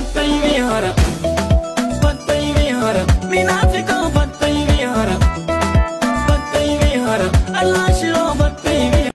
fattai miyara fattai miyara mina fi kan